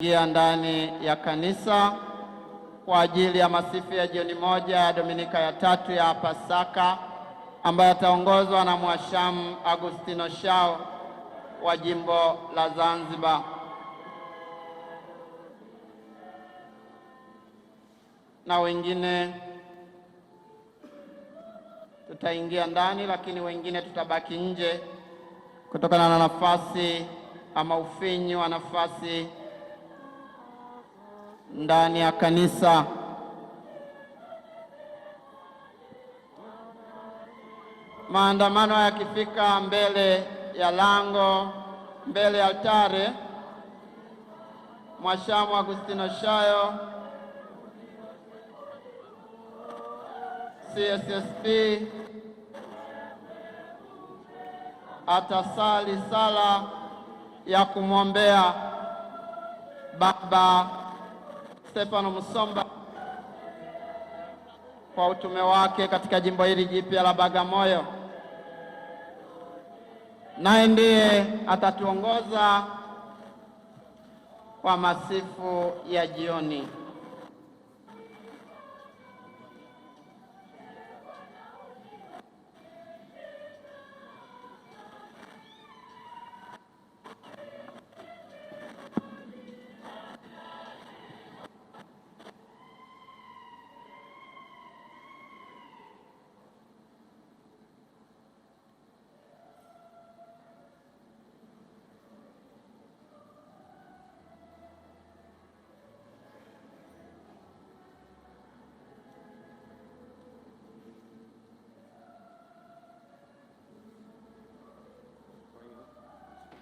Ingia ndani ya kanisa kwa ajili ya masifu ya jioni moja ya Dominika ya tatu ya Pasaka ambayo yataongozwa na mwasham Agustino Shao wa Jimbo la Zanzibar. Na wengine tutaingia ndani, lakini wengine tutabaki nje kutokana na nafasi ama ufinyu wa nafasi ndani ya kanisa. Maandamano yakifika mbele ya lango, mbele ya altare, Mwashamu Agustino Shayo, CSSP atasali sala ya kumwombea baba Stefano Musomba kwa utume wake katika jimbo hili jipya la Bagamoyo, naye ndiye atatuongoza kwa masifu ya jioni.